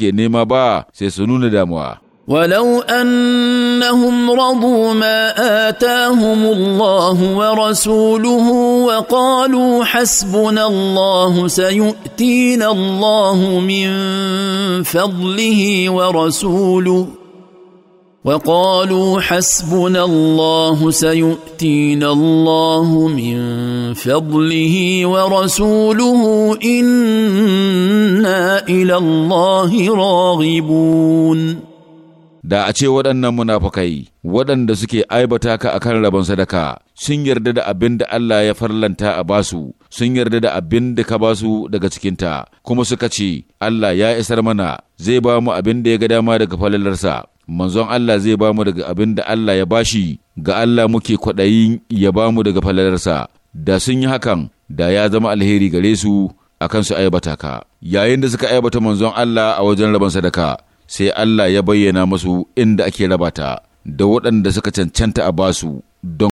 ke nema ba sai su nuna damuwa. ولو أنهم رضوا ما آتاهم الله ورسوله وقالوا حسبنا الله سيؤتينا الله من فضله ورسوله وقالوا حسبنا الله سيؤتينا الله من فضله ورسوله إنا الى الله راغبون da a ce waɗannan munafukai waɗanda suke aibata ka a kan rabon sadaka sun yarda da abin da Allah ya farlanta a basu sun yarda da abin da ka basu daga cikinta kuma suka ce Allah ya isar mana zai ba mu abin da ya ga dama daga falalarsa manzon Allah zai ba mu daga abin da Allah ya bashi ga Allah muke kwaɗayin ya ba mu daga falalarsa da sun yi hakan da ya zama alheri gare su akan su aibata ka yayin da suka aibata manzon Allah a wajen rabon sadaka sai Allah ya bayyana masu inda ake rabata da waɗanda suka cancanta a basu don